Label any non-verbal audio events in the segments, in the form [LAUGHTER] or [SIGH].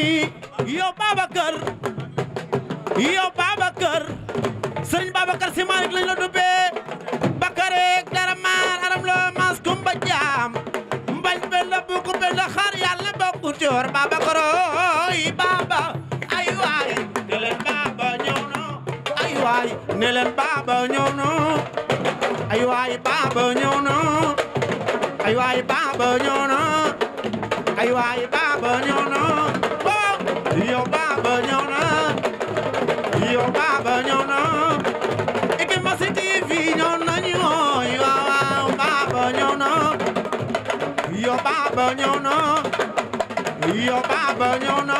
nii yow Babacar yow Babacar sëriñ Babacar Si Maalik lañ la dubbee Bakare dara maar aram loo maas kumba jaam mbañ benn buku benn xar yàlla bokku joor Babacar ooy Baba ay ay waay ne leen Baba ñëw ay waay Baba ñëw na ay waay Baba ñëw na ay waay Baba ñëw na yow baaba ñëw na yow baaba ñëw na Eke Massi TV ñëw nañu yow baaba ñëw na yow baaba ñëw na yow baaba ñëw na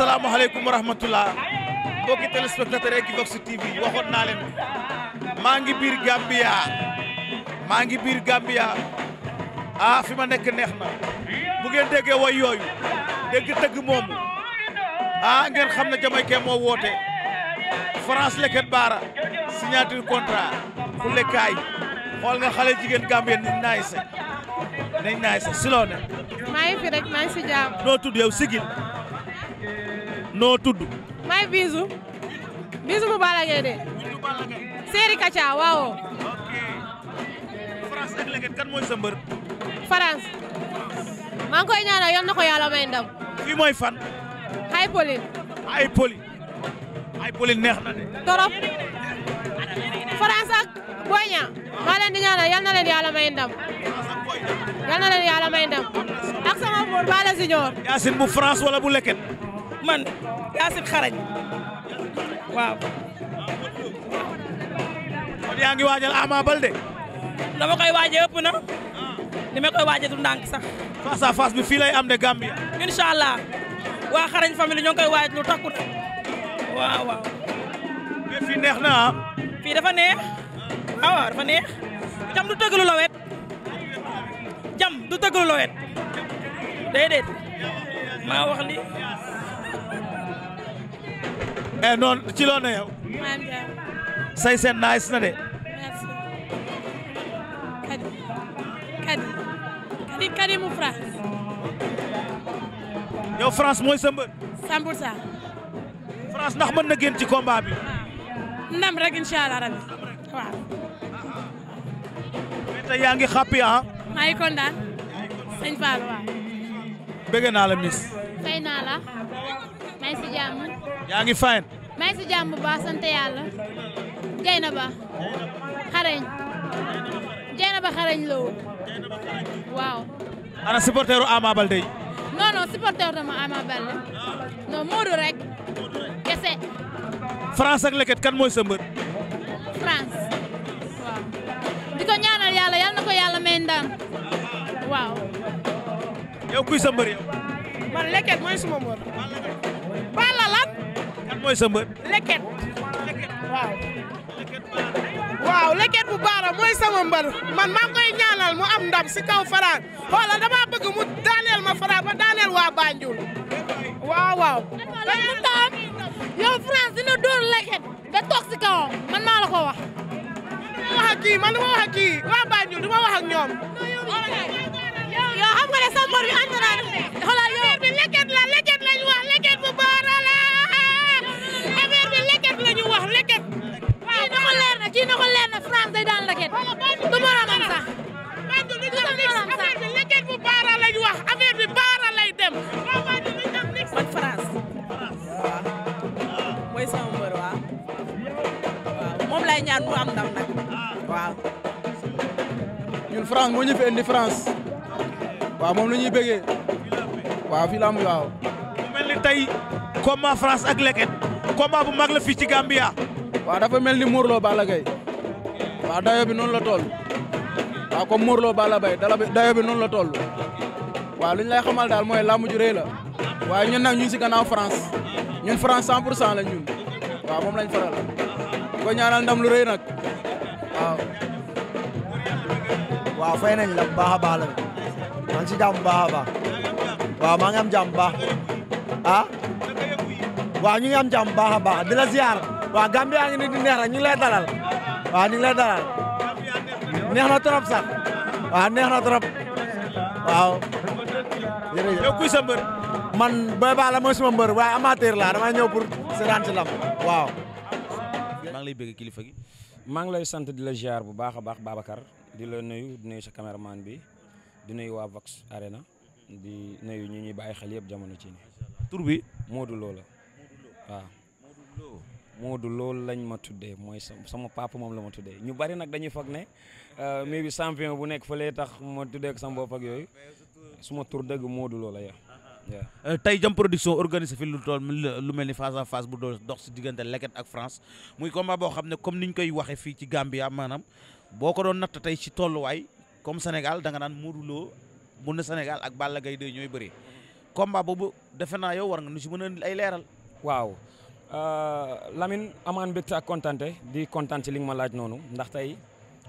asalaamaaleykum wa rahmatullah mbokki téléspectateur Equivox TV waxoon naa leen maa ngi biir Gambia maa ngi biir Gambia ah fi ma nekk neex na bu ngeen déggee way yooyu dégg tëgg moomu ah ngeen xam ne jamaykee moo woote France Leket Baara signature contrat xulle kaay xool nga xale jigéen Gambien ni naay sa nañ naay maa ngi fi rek maa si jàmm noo tudd yow noo tudd. may biisu biisu bu Balla Gaye de. Séeri Kacha waaw. ok kan mooy sa mbër. France maa ngi koy ñaanal yoon ko yàlla may ndam. fii mooy fan. ay Pauline. ay Pauline. neex na de. torop France ak Boy Niang maa leen di ñaanal yal na leen yàlla may ndam. yal na leen yàlla may ndam. ak bu France wala bu Leket. man Yacine Xarañ waaw. kon yaa ngi waajal Ama Baldé. dama koy waajee ëpp na. li koy waajee du ndànk sax. face à bi fii lay am de Gambia. incha waa xarañ famille ñoo ngi koy waaj lu takku na waaw waaw. fii neex na ah. fii dafa neex. waaw waaw dafa neex. jam du tëgg lu la jam du tëgg lu la wet. maa wax eh noonu ci loo ne yow. say seen nice de. Kadi Kadi Kadi mu France. yow France mooy sa mbër. 100 pour ndax mën na génn ci combat bi. ndam rek incha allah rabi waaw. mais tey yaa ngi happy naala ah? maa fay naa ngi si jàmm. yaa ngi fine. maa ngi si jàmm bu baax sant yàlla. Jeynaba. xareñ. Jeynaba xareñ la waaw. ana supporteru Ama Baldé yi. non non supporter dama Ama Baldé. non rek. kese. France leket kan mooy sa mbër. waaw. di ko ñaanal yàlla yal na ko yàlla may waaw. yow kuy sa mbër yow. leket mooy suma mbër. mooy sa mbër. leket waaw. waaw leket bu baara mooy sama mbër man maa ngi koy ñaanal mu am ndam si kaw Franc xoolal dama bëgg mu daaneel ma Franc ba daaneel waa Banjul waaw waaw. yow France dina dóor leket ba toog si kawam man maa la ko wax. duma wax ak kii man duma wax ak kii waa Banjul duma wax ak ñoom. yow xam nga ne sa mbër bi ànd naa xoolal yow. moroom day daan laket du moroomam sax affaire bi laket bu baara lañ wax lay dem man France mooy waaw moom lay ñaan mu am ndam waaw ñun France moo ñu fi waaw moom la ñuy waaw fii laa waaw mel ni tey combat France ak leket combat bu mag la fii ci Gambia waaw dafa mel ni Mourlo Balla Gaye waaw dayo bi noonu la toll waaw comme Mor Lo Balla Gaye dayo bi noonu la toll waaw li ñu lay xamal daal mooy làmb ju rëy la waaye ñun nag ñu ngi si gannaaw France ñun France 100 pour cent la ñun waaw moom lañ faral ko ñaanal ndam lu rëy nag waaw. waaw fay nañ la bu baax a baax la maa si jàmm bu baax a maa ngi am jàmm bu ah? ñu ngi am jàmm bu baax a baax di la ziar waaw Gambia ngi ni di neex rek ñu waa ñu ngi lay dalal neex na trop sax waaw neex na trop waaw. jërëjëf yow sa man Boy Ba la mooy suma mbër waaye amateur laa damay ñëw pour seetaan ci lam waaw. maa ngi lay bëgg kilifa gi. maa ngi lay sant di la ziar bu baax a baax Babacar di la nuyu di nuyu sa caméraman bi di nuyu waa Vox Arena di nuyu ñu ñuy bàyyi xel yëpp jamono ci ni tur bi Modou Lo la waaw. Moodu loolu lañ ma tuddee mooy sama papa moom la ma tuddee ñu bari nag dañuy foog ne euh, mais bi champion bu nekk fële tax ma tuddee ak sama bopp ak yooyu suma tur dëgg Moodu la waaw euh, tey jam production organisé fi lu tool lu mel ni face à face bu doo dox si diggante Leket ak France muy combat boo xam ne comme ni ñu koy waxee fii ci Gambia maanaam boo ko doon natt tey ci tolluwaay comme Sénégal danga nga naan Modou Lo mu ne Sénégal ak Balla Gaye 2 ñooy bëri combat Euh, Lamine amaan mbégte ak kontante di kontaan ci li nga ma laaj noonu ndax tey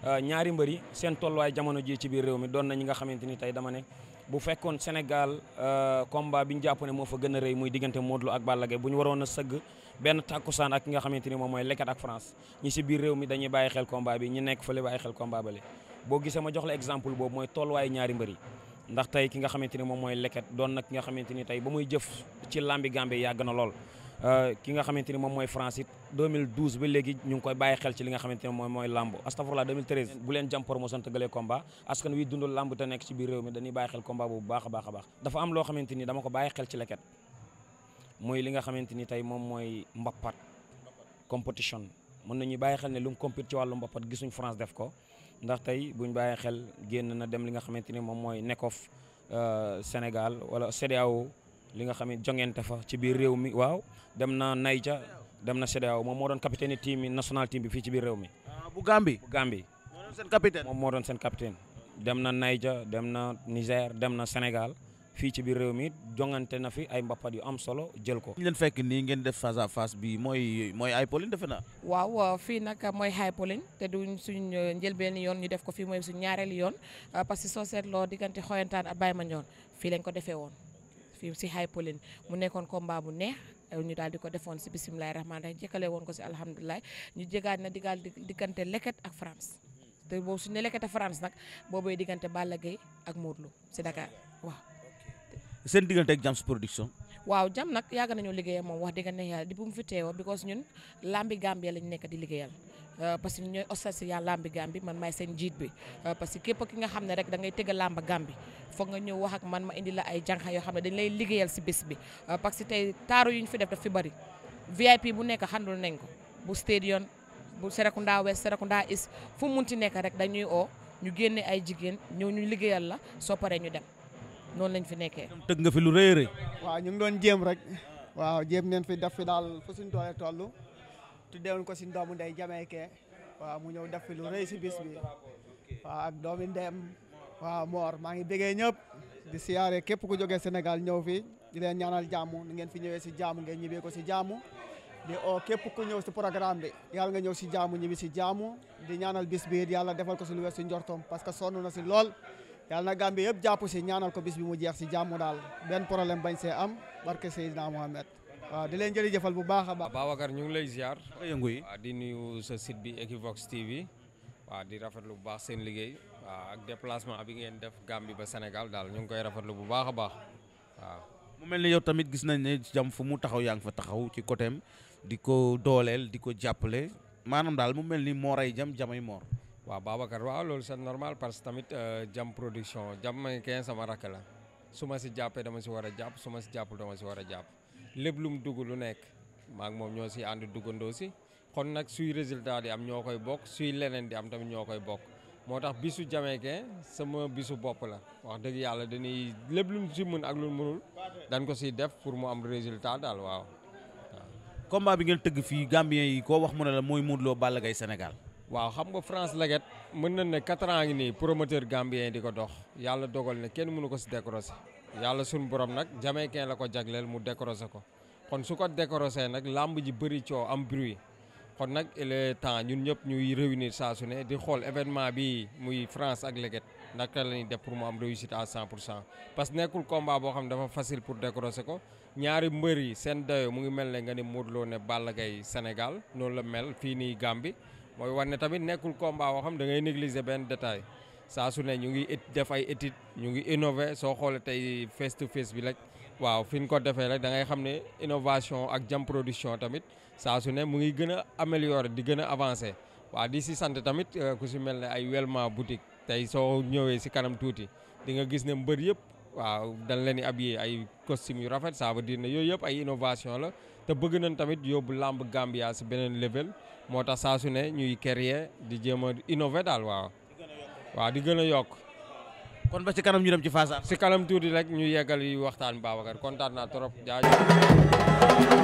euh, ñaari mbër yi seen tolluwaay jamono ji ci biir réew mi doon na ñi nga xamante ni tey dama ne bu fekkoon Sénégal euh, combat bi ñu jàpp ne moo fa gën a rëy muy diggante Modou Lo ak bu ñu waroon a sëgg benn tàkkusaan ak ki nga xamante ni moom mooy Leket ak France si biir réew mi dañuy bàyyi xel combat bi ñi nekk fële bàyyi xel combat bale boo gisee ma jox la exemple boobu mooy tolluwaay ñaari mbër yi ndax tey ki nga xamante ni moom mooy Leket doon na ki nga xamante ni tey ba muy jëf ci lambi Gambie yàgg na lool Euh, ki nga xamante ni moom mooy France it 2012 ba léegi ñu ngi koy bàyyi xel ci li nga xamante ne mooy mooy làmb astafurlah 2013 bu leen jam promotion tëggalee combat askan wi dundal làmb te nekk ci biir réew mi dañuy bàyyi xel combat boobu baax a baax a baax dafa am loo xamante ni dama ko bàyyi xel ci leket muy li nga xamante ni tey moom mooy mbappat competition mën nañu bàyyi xel ne lu mu compété ci wàllu mbappat gisuñu France def ko ndax tey buñ bàyyi xel génn na dem li nga xamante ni moom mooy nekkof euh, Sénégal wala CEDEAO li nga xam ne jongante fa ci biir réew mi waaw dem na Naija dem na CEDEAO moom moo doon capitaine team yi national team bi fii ci biir réew mi. Ah, bu Gambie bu Gambie. moo doon seen capitaine moom moo doon seen capitaine. dem na Naija dem na Niger dem na Sénégal fii ci biir réew mi jongante na fi ay mbappat yu am solo jël ko. ñu leen fekk nii ngeen def face à face bi mooy mooy ay Pauline defe naa. waaw fii nag mooy ay Pauline te du suñ euh, njëlbeen yoon ñu def ko fii mooy suñ ñaareelu yoon euh, parce que soo seetloo diggante xoyantaan ak Baye Mandione fii lañ ko defee woon. fii si High Pauline mu nekkoon combat bu neex ñu daal di ko defoon si bisimilahi rahmaani rahim jëkkale woon ko si alhamdulilah ñu jégaat na digaal diggante Leket ak France te boobu su ne Leket ak France nag boobay diggante Balla Gaye ak Modou Lo si Dakar waaw. seen diggante ak Jams production. waaw jam nag yàgg nañoo liggéeyal moom wax dëgg ne yàlla di bu mu fi teewoo because ñun lambi Gambia lañu nekk di liggéeyal. Euh, parce que ñooy association làmbi Gàmbi man maay seen njiit bi euh, parce que képp ki nga xam ne rek dangay ngay tëgg làmb Gàmbi foog nga ñëw wax ak man ma indi la ay jànqa yoo xam ne dañ lay liggéeyal si bis bi euh, parce que tey taaru yu ñu fi def daf fi bëri VIP bu nekk xandul nañ ko bu stadion bu Serekunda West Serekunda East fu mun munti nekk rek dañuy oo ñu génne ay jigéen ñëw ñu liggéeyal la soo paree ñu dem noonu lañ fi nekkee. tëgg nga fi lu rëy a rëy. waaw ñu ngi doon jéem rek waaw jéem neen fi def tuddewoon ko suñu doomu ndey Jamaïcain waa mu ñëw def fi lu rëy si bis bi waaw ak doomi ndeyam waaw Mor maa ngi bëggee ñëpp di siyaare képp ku jógee senegal ñëw fi di leen ñaanal jàmm ni ngeen fi ñëwee si jàmm ngeen ñibbee ko si jàmm di oo képp ñëw si programme bi yàlla nga ñëw si jàmm ñibbi si jàmm di ñaanal bis bi yàlla defal ko si lu wees si njortoom parce que sonn na si lool yàlla na Gambie yëpp jàpp si ñaanal ko bis bi mu jeex si jàmm daal benn problème bañ see am barke Seydina Mohamed waaw di leen jërëjëfal bu baax a baax. Babacar ñu ngi lay ziar. yëngu yi waaw di nuyu sa site bi Equivox TV. waaw di rafetlu bu baax seen liggéey. waaw ak déplacement bi ngeen def Gambie ba Sénégal daal ñu ngi koy rafetlu bu baax a baax waaw. mu mel ni yow tamit gis nañ ne jam fu mu taxaw yaa ngi fa taxaw ci côté di ko dooleel di ko jàppale maanaam daal mu mel ni mooray jam jamay moor. waaw Babacar waaw loolu c'est normal parce que tamit euh, jam production jam may sama rakk la su ma si jàppee dama si war a jàpp su ma si jàppul dama si war a jàpp. lépp lu mu dugg lu nekk maak ngi moom ñoo si ànd duggandoo si kon nag suy résultat di am ñoo koy bokk suy leneen di am tamit ñoo koy bokk moo tax bisu Jamaïcain sama bisu bopp la wax dëgg yàlla dañuy lépp lu mu si mën ak lu mënul dañ ko siy def pour mu am résultat daal waaw. combat bi ngeen tëgg fii Gambien yi koo wax mu ne la mooy Modou Lo gay Gaye Sénégal. waaw xam nga France Laguette mën na ne quatre ans ngi nii promoteur Gambien di ko dox yàlla dogal ne kenn mënu ko si décrocher. yàlla sunu borom nag jamaïcain la ko jagleel mu décorosé ko kon su ko décorosé nag làmb ji bëri coo am bruit kon nag il est temps ñun ñëpp ñuy réunir saa su ne di xool événement bi muy France ak Légué naka la ñuy def pour mu am réussite à 100 pour cent parce que nekkul combat boo xam ne dafa facile pour décorosé ko ñaari mbër yi seen dayo mu ngi mel ne nga ni muut loo ne Balla Gaye Sénégal noonu la mel fii nii Gambie mooy wane tamit nekkul combat boo xam da ngay négliger benn détail. saa su ne ñu ngi def ay études ñu ngi innové soo xoolee tey face to face bi rek waaw fi ñu ko defee rek da ngay xam ne innovation ak jam production tamit saa su ne mu ngi gën a améliorer di gën a avancer waaw di si sant tamit euh, ku si mel ne ay Welma boutique tey soo ñëwee si kanam tuuti di nga gis ne mbër yëpp waaw dañ leen ab habillé ay costume yu rafet ça veut dire ne yooyu yëpp ay innovation la te bëgg nañ tamit yóbbu làmb Gambia si beneen level moo tax saa su ne ñuy créer di jéem a innové daal waaw. waaw di gën a yokk. kon ba ci kanam ñu dem ci phase si kanam tuuti rek ñu yeggal yi waxtaan Babacar kontaan naa trop jaajëf.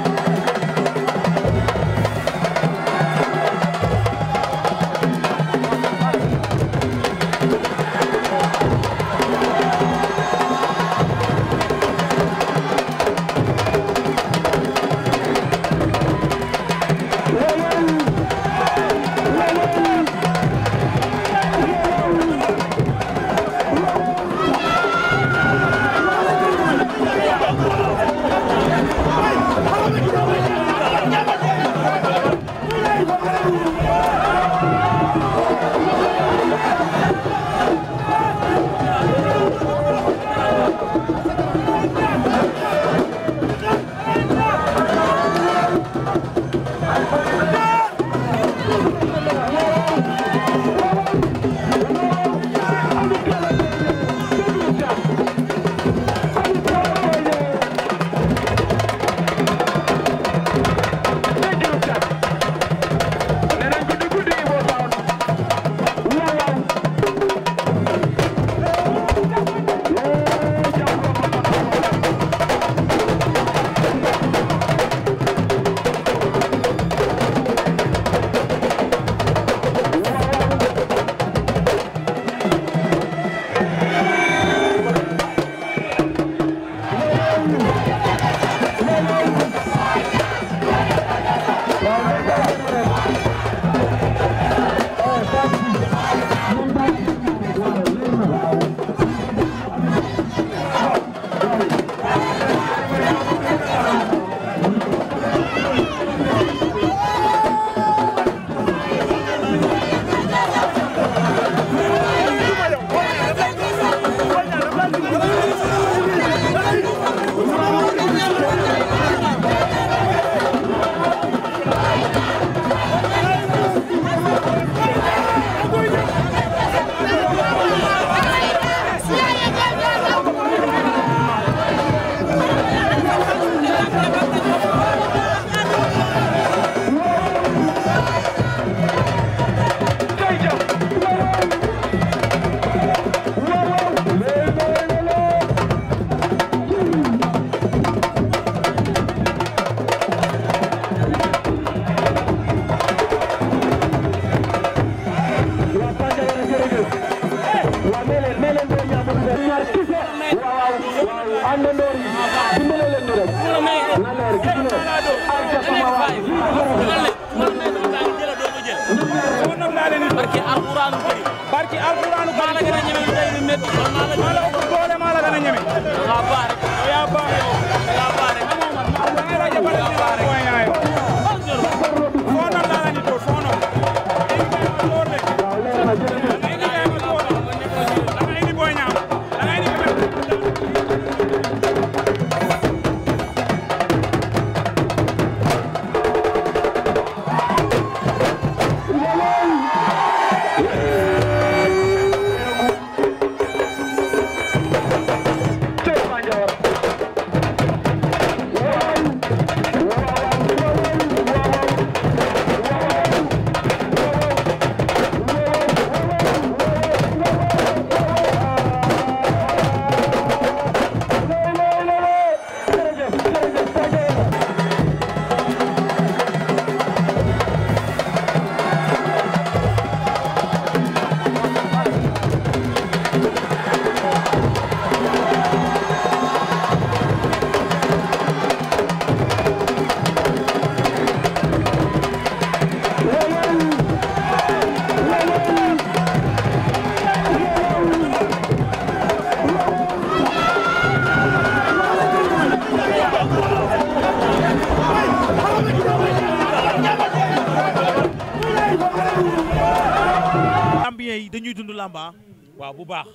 ñuy dund làmba waaw bu baax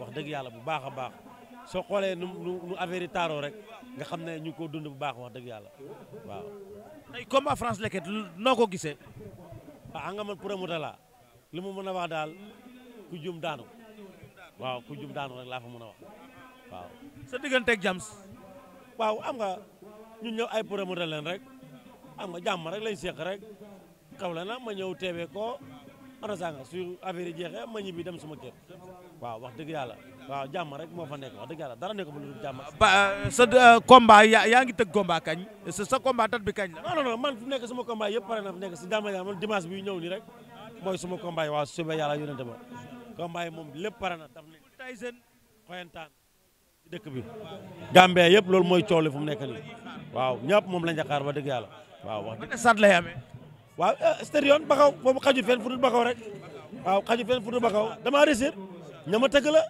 wax dëgg yàlla bu baax a baax soo xoolee nu nu affaire yi taaroo rek nga xam ne ñu ko dund bu baax wax dëgg yàlla waaw. tey combat France Leket noo ko gisee. ah nga man promoteur laa li mu mën a wax daal ku jum daanu waaw ku jum daanu rek laa fa mën a wax waaw. sa digganteeg Jams. waaw am nga ñun ñëw ay mu leen rek am nga jàmm rek lañ seq rek kaw la na ma ñëw teewee ko oto sànga su affaire yi jeexee ma ñibbi suma kër waaw wax dëgg yàlla waaw jàmm rek moo fa nekk wax dëgg yàlla dara nekk fa lu dul jàmm ba euh, sa euh, combat yaa ngi tëgg combat kañ sa combat tat bi kañ la non non non man fu nekk suma combat yëpp pare na fu nekk si jàmm yàlla man dimanche bi ñëw ni rek mooy suma combat yi waaw suba yàlla yónnante ma combat yi moom lépp pare na daf ne Tyson xoyantaan ci bi Gambie yëpp loolu mooy coow li fu mu nekk nii waaw ñëpp moom la njaqaar ba dëgg yàlla waaw wax dëgg waaw eh, stade yoon baxaw moom xaju fenn bakaw dul baxaw rek waaw xaju fenn fu dul baxaw damaa réussir ñama tëgg la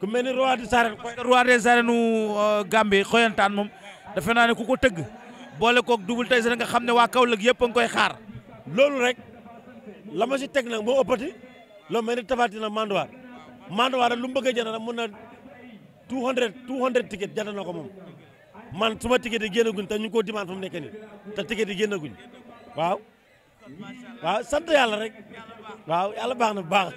ku mel ni roi des arènes roi des arènes euh, Gambie xoyantaan moom defe naa ne ku ko tëgg boole koog double Tyson nga xam ne waa Kaolack yëpp a ngi koy xaar loolu rek la ma si teg nag moo ëppati loo mel ni tabaati na manduwaar manduwaar lu mu bëgg a jënd nag mun na 200 200 ticket jënd na ko moom man suma ticket yi génnaguñ ta ñu ngi koo dimaan fa mu nii te ticket yi génnaguñ waaw waaw sant yàlla rek waaw yàlla baax na bu baax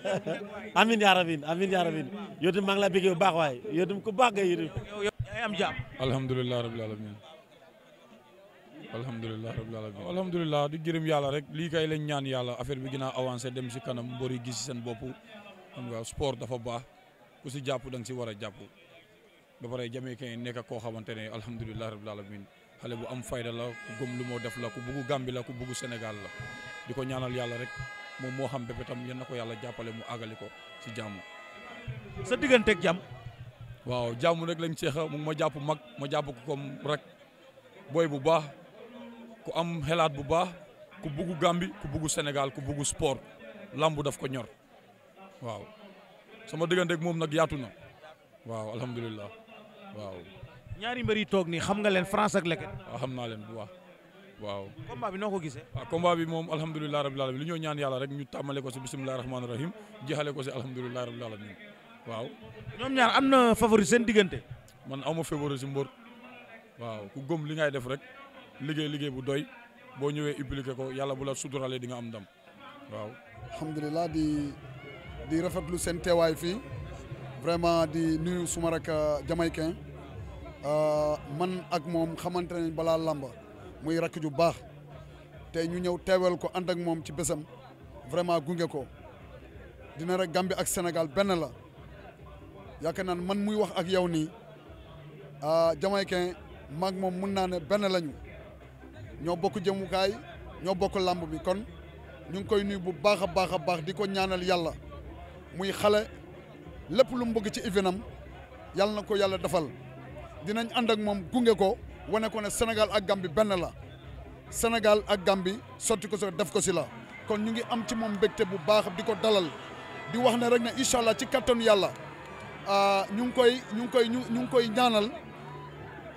amin yaa rabin amin yaa rabin yow tamit maa baax waaye yow tamit ku baax nga yow tamit am jàmm alhamdulilah rabbil alamin alhamdulilah rabbil alamin di gërëm yàlla rek lii kay lañ ñaan yàlla affaire bi gën a avancé dem si kanam mbër yi gis seen bopp xam nga sport dafa baax ku si jàpp da si war a jàpp ba pare jamee kay nekk koo xamante ne alhamdulilah rabbil alamin xale bu am fayda la ku gëm lu moo def la ku bugg Gambie la ku bugg Sénégal la di ko ñaanal yàlla rek moom moo xam bépp tam yal na ko yàlla jàppale mu àggali ko ci jàmm. sa digganteeg jàmm. waaw jàmm rek lañ seexa mu ma jàpp mag ma jàpp ko kom rek booy bu baax ku am xelaat bu baax ku bugg Gambie ku bugg Sénégal ku bugg sport làmb daf ko ñor waaw sama digganteeg moom nag yaatu na waaw alhamdulilah waaw. ñaari mbër yi toog nii xam nga leen France ak Leket. waaw ah, xam naa leen bu baax waaw. bi noo ko gisee. waaw ah, combat bi moom alhamdulilah rabil alamin li ñoo ñaan yàlla rek ñu tàmmale ko si bisimilah rahmaani rahim jeexale ko si alhamdulilah rabil alamin waaw. ñoom ñaar am na favori seen diggante. man aw ma favori si mbër. waaw ku gëm li ngay def rek liggéey liggéey bu doy boo ñëwee impliqué ko yàlla bu la suturalee di nga am ndam waaw. alhamdulilah di di rafetlu seen teewaay fii vraiment di nuyu suma rek euh, jamaïcain Euh, man ak moom xamante nañ balaa làmba muy rakk ju baax te ñu ñëw teewal ko ànd ak moom ci bésam vraiment gunge ko dina rek Gambie ak Sénégal benn la yaakaar naan man muy wax ak yow nii ah, Jamaïcain maag moom mun naa ne benn lañu ñoo bokk jëmukaay ñoo bokk làmb bi kon ñu ngi koy nuyu bu baax a baax a baax di ko ñaanal yàlla muy xale lépp lu mbokk ci ivinam yàlla na ko yàlla defal dinañ ànd ak moom gunge ko wane ko ne Sénégal ak gambi benn la Sénégal ak Gambie sotti ko so def ko si la kon ñu ngi am ci moom mbégte bu baax di ko dalal di wax ne rek ne incha allah ci kattanu yàlla ah, ñu ngi koy ñu ngi koy ñu ngi koy ñaanal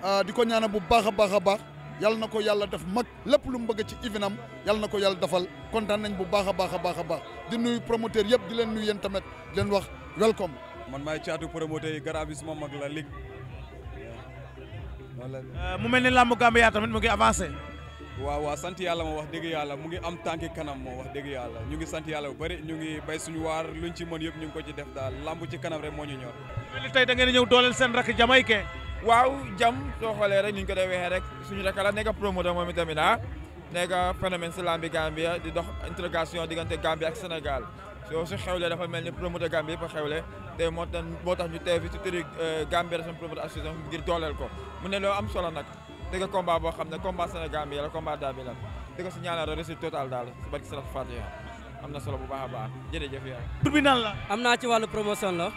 ah, di ko ñaanal bu baax a baax a baax yàlla na ko yàlla def mag lépp lu mu bëgg ci ivinam yàlla na ko yàlla defal kontaan nañ bu baax a baax a baax a baax di nuyu promoteur yëpp di leen nuyu yéen tamit di leen wax welcome. man maay caatu promoteur yi garab yi suma mag la léegi Euh, mu mel ni làmb Gambia tamit mu ngi avancé. waaw waaw sant yàlla ma wax dëgg yàlla mu ngi am tànki kanam moo wax dëgg yàlla ñu ngi sant yàlla bu bëri ñu ngi bay suñu waar luñ ci mën yëpp ñu ngi ko ci def daal làmb ci kanam rek moo ñu ñor. li tey da ngeen ñëw dooleel seen rakk Jamaïque. waaw jam soo xoolee rek ni ñu ko dee waxee rek suñu rakk la nekk promoteur moom itamit ah nekk phénomène si làmbi Gambia di dox interrogation diggante Gambia ak Sénégal soo su xewlee dafa mel ni promoteur Gambia yëpp a xewle tey moo tax moo tax ñu teew fi soutenir euh, Gambia Wrestling Promotion Association ngir dooleel ko mu ne loolu am solo nag dëgg combat boo xam ne combat Sénégal bi la combat daa bi la dëgg si ñaanal réussite totale daal si barki Salatu Fatiha am na solo bu baax a baax jërëjëf yaa tur bi la am naa ci wàllu promotion la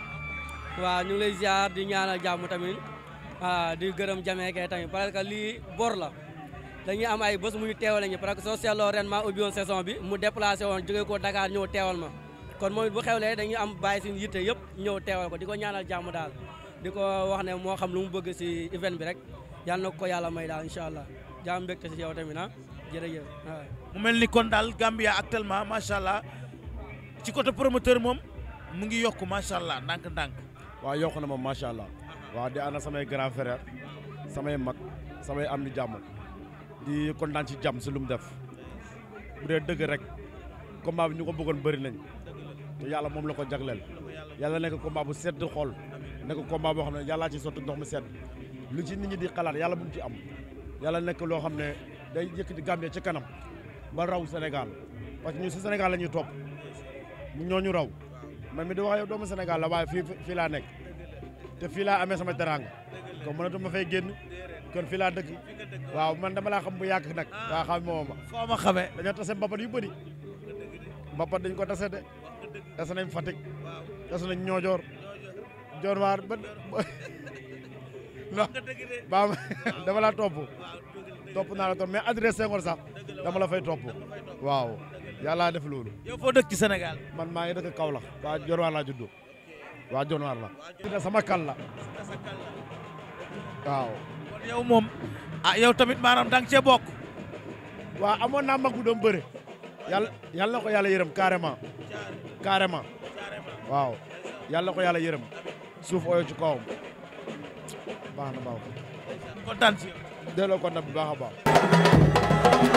waaw ñu ngi lay ziar di ñaanal jàmm tamit di gërëm jameekee tamit parce que lii boor la dañuy am ay bés mu ñu teewale ñu parce que soo seetloo ren maa saison bi mu déplacé woon jógee ko Dakar ñëw teewal ma kon moom bu xewlee dañuy am bàyyi suñu yitte yëpp ñëw teewal ko di ko ñaanal jàmm daal di ko wax ne moo xam lu mu bëgg si event bi rek yal na ko yàlla may daal incha allah jaam mbégte si yow tamit ah jërëjëf waaw. mu mel ni kon daal Gambia actuellement macha allah ci côté promoteur moom mu ngi yokk macha allah ndànk-ndànk. waa yokk na moom macha allah. waaw di ànd samay grand frère samay mag samay am di jàmm di daan ci jàmm si lu mu def bu dee dëgg rek combat nañ te yàlla moom la ko jagleel yàlla nekk combat bu sedd xool nekk combat boo xam ne yàllaa ci sotti ndox mu sedd lu ci nit ñi di xalaat yàlla bu mu ci am yàlla nekk loo xam ne day yëkkati Gambie ci kanam ba raw senegal parce que ñun si senegal lañuy ñuy topp ñooñu raw man mi di wax doomu Sénégal la waaye fii fii laa nekk te fii laa amee sama teraanga kon mënatuma fay génn kon fii laa dëkk waaw man dama laa xam bu yàgg nag. waaw xam moom ma. foo ma xamee. dañoo tase mbapat yu dañ ko tase des nañ Fatick des nañ Ñoojoor Joor ba [LAUGHS] non ba dama laa topp topp naa la topp mais adresse Senghor dama la fay topp waaw yàlla def loolu. yow foo dëkk ci Sénégal. man maa ngi dëkk Kaolack waa Joor waar laa waa Joor la. sama kal la waaw. kon yow moom ah yow tamit maanaam dang cee bokk. waaw amoon naa mag bu doon bëre yàlla yàlla na ko yàlla yërëm carrément. carrément waaw yàlla ko yàlla yërëm suuf oyo ci kawam baax na baax kontaan si delloo kontaan bu baax a baax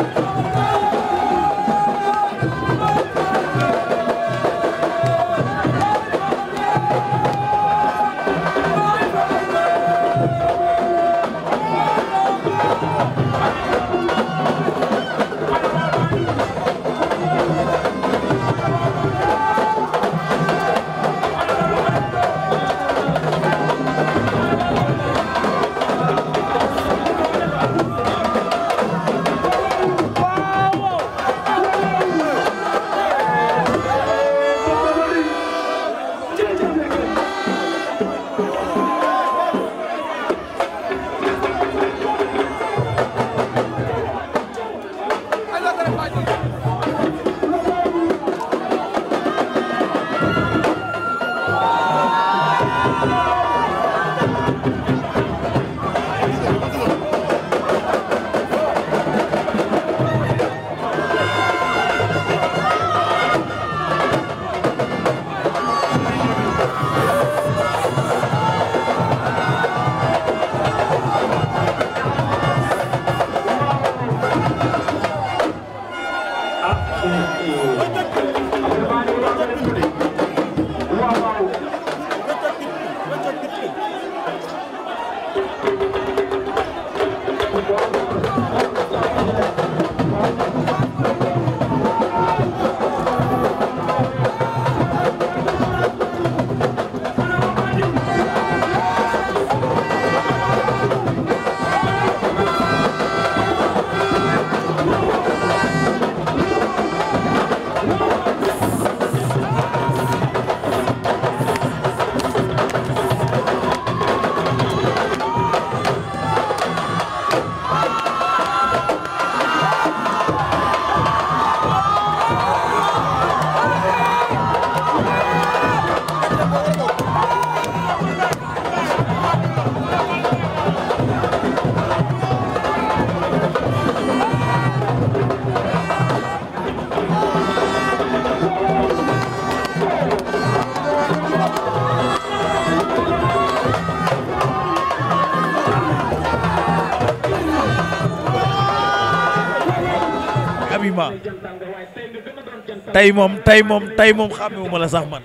tey moom tey moom tey moom xàmmewuma la sax man.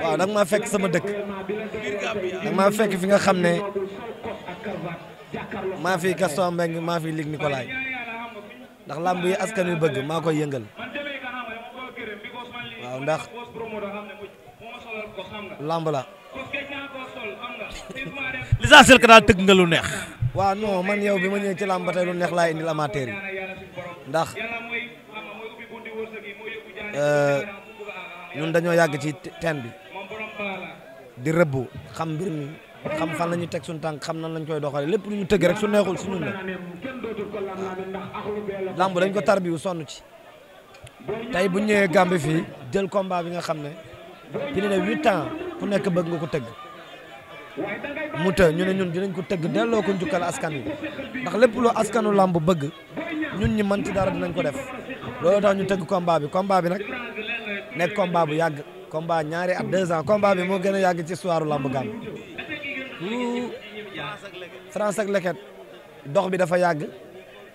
waaw da nga maa fekk sama dëkk da nga fekk fi nga xam ne ma fi Gaston Mbengue ma fi Luc Nicolaï ndax làmb yi askan wi bëgg maa koy yëngal waaw ndax làmb la. li saa sel ka daal tëgg nga lu neex. waaw noo man yow bi ma ñëwee ci làmb lu neex laa la amateur yi ndax. Euh, ñun dañoo yàgg ci teen bi di rëbbu xam mbir mi xam fan la teg suñu tànk xam nan lañ koy doxalee lépp lu ñu tëgg rek su neexul si ñun la làmb dañ ko tarbiwu sonn ci tey bu ñëwee Gambie fii jël combat bi nga xam ne pili ne huit ans ku nekk bëgg nga ko tëgg mu të ñu ne ñun dinañ ko tëgg delloo ko njukkal askan wi ndax lépp lu askanu làmb bëgg ñun ñi mën ci dara dinañ ko def loolu tax ñu tëgg combat bi combat bi nag nekk combat bu yàgg combat ñaari at deux ans bi moo gën a yàgg ci histoire lamb gàmm France ak leket dox bi dafa yàgg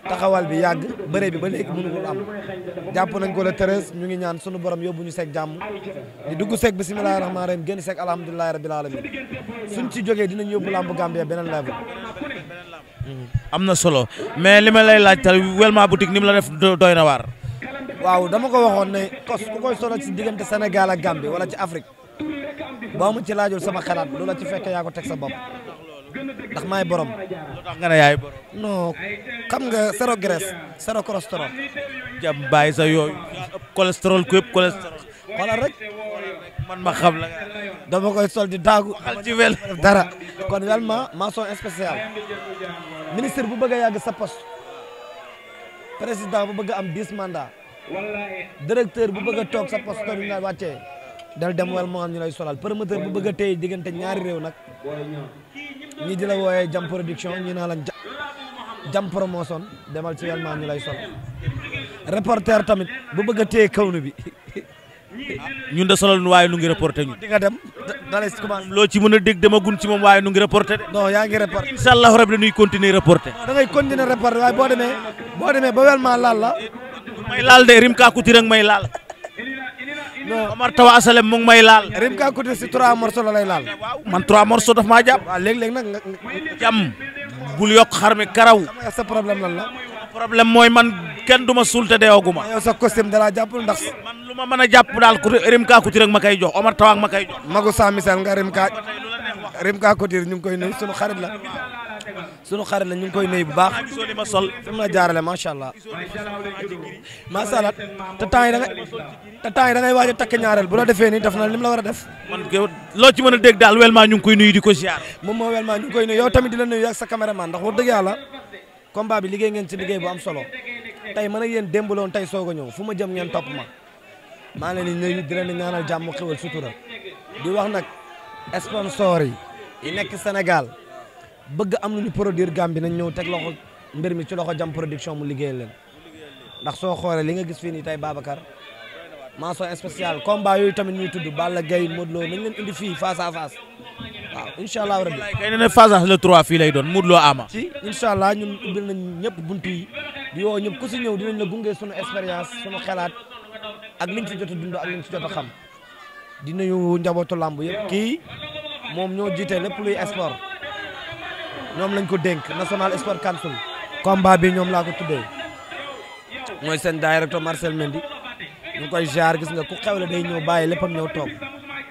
taxawal bi yàgg bëre bi ba léegi mënugul am jàpp nañ ko le treize ñu ngi ñaan sunu borom yóbbu ñu seeg jàmm di dugg seeg bisimilahi rahmaani rahim génn seeg alhamdulilahi rabil alamin suñ ci jógee dinañ yóbbu lamb Gambie beneen level hmm. am na solo mais li ma lay laaj tal Wélma boutique ni la def na waar waaw dama ko waxoon ne kos ku koy sonal ci diggante Sénégal ak Gambie wala ci Afrique boo mu ci laajul sama xalaat a ci fekke yaa ko teg sa bopp ndax maay borom. loo tax nga ne yaay borom. non xam nga zéro graisse zéro bàyyi sa yooyu. cholestérol ku yëpp cholestérol. xoolal rek. man ma xam la dama koy sol di daagu. waxal ci wel dara. kon vraiment mention spéciale. ministre bu bëgg a yàgg sa poste. président bu bëgg am 10 mandats. directeur bu bëgg a toog sa poste ñu lay wàccee dem wel moo am ñu lay solal promoteur bu bëgg a téye diggante ñaari réew nag ñii di la wooyee jam production ñi naa lañ jam promotion demal ci wel moo am ñu lay solal reporter tamit bu bëgg a téye kaw nu bi ñun de solal nu waaye nu ngi reporté ñu di nga dem dalay commencé loo ci mën a dégg dama gun ci moom waaye nu ngi reporté de yaa ngi reporté incha allahu rabi dañuy continuer reporté da ngay continuer reporté waaye boo demee boo demee ba wel maa la may laal de Rimka Couture may laal. non Omar Tawa Assalem mu ngi may laal. Rimka Couture si trois morceaux la lay laal. man trois morceaux daf maa jàpp. waaw léeg-léeg nag nga. bul yokk xar mi karaw. sa problème la la. problème mooy man kenn du ma suul te deewaguma. yow sa costume dara jàpp ndax. man lu ma mën a jàpp daal ku Rimka Couture ak ma koy jox Omar Tawa ak ma koy jox. Magu Samisan nga Rimka Rimka Couture ñu ngi koy nuyu sunu xarit la. sunu xarit la ñu ngi koy nuyu bu baax li ma sol fi mu la jaarale macha allah macha allah te temps yi da te temps yi da ngay waaj a ñaareel bu la defee nii def na li mu la war a def loo ci mën a dégg daal Wélma ñu ngi koy nuyu di ko ziar moom moo Wélma ñu ngi koy nuyu yow tamit di la nuyu ak sa caméraman ndax wax dëgg yàlla combat bi liggéey ngeen ci liggéey bu am solo tey ma ak yéen démb loon tey soog a ñëw fu ma jëm ngeen topp ma maa ngi leen di nuyu di leen ñaanal jàmm xéwal di wax nag sponsor yi yi nekk Sénégal bëgg am lu ñu produire Gambie nañ ñëw teg loxo mbir mi ci loxo jam production mu liggéey leen ndax soo xoolee li nga gis fii nii tey Babacar mention spéciale combat yooyu tamit ñuy tudd Balla Gaye Modou Lo nañ leen indi fii face à face allah rabbi kay ne ne face à le trois fii lay doon Modou Ama ci incha allah ñun ubbil nañ ñëpp buntu yi di woo ñëpp ku si ñëw dinañ la gunge sunu expérience sunu xelaat ak liñ ci jot a ak liñ ci jot xam di njabootu làmb yëpp kii moom ñoo jiite lépp luy sport ñoom lañ ko dénk National Sport Council combat bi ñoom laa ko tuddee mooy seen directeur Marcel Mendy ñu koy jaar gis nga ko xewle day ñëw bàyyi léppam ñëw toog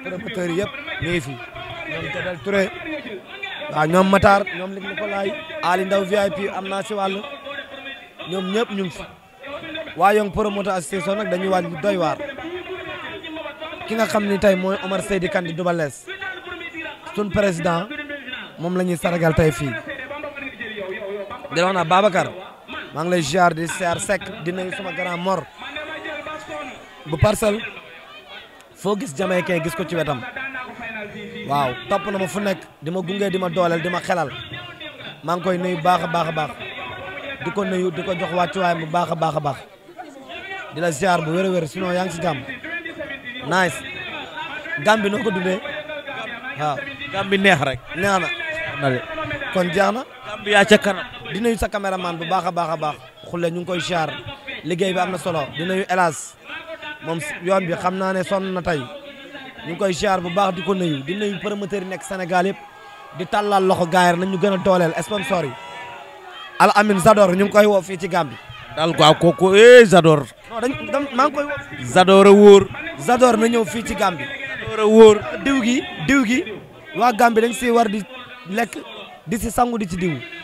promoteurs yëpp ñëw fi ñoom Jadal Touré waaw ñoom Matar ñoom Luc Nicolaï Ali Ndaw VIP am naa si wàll ñoom ñëpp ñu ngi fi waa Young promoteur association nag dañuy waaj lu doy waar ki nga xam ni tey mooy Omar Seydi Kandi Doubalès suñ président moom la ñuy saragal tey fii di wax na Babacar maa ngi lay ziar di ziar Seck di nuyu sama grand mor bu parcelle foo gis jamaïcain gis ko ci wetam waaw topp na ma fu nekk di ma gunge di ma dooleel di ma xelal maa ngi koy nuyu baax a baax a baax di ko nuyu di ko jox wàccuwaay bu baax a baax a baax di la ziar bu wér a wér sinon yaa ngi si jàmm nice gam bi ko dundee waaw gam neex rek neex na na de kon jeex na Gambia ca kanam di bu baax a baax a baax xulle ñu ngi koy siyaar liggéey bi am na solo di nuyu hélas moom yoon bi xam naa ne sonn na tey ñu ngi koy siyaar bu baax di ko nuyu di nuyu promoteur yi nekk senegal yëpp di tàllal loxo gaayar ñu gën a dooleel sponsor yi Al Amin sadoor ñu ngi koy woo fii ci Gambie daal quoi kooku eh Zador. non dañ maa ngi koy woo. Zador na ñëw fii ci Gambie. diw gi diw gi waa Gambie dañ siy war di. lekk di si sangu di ci diw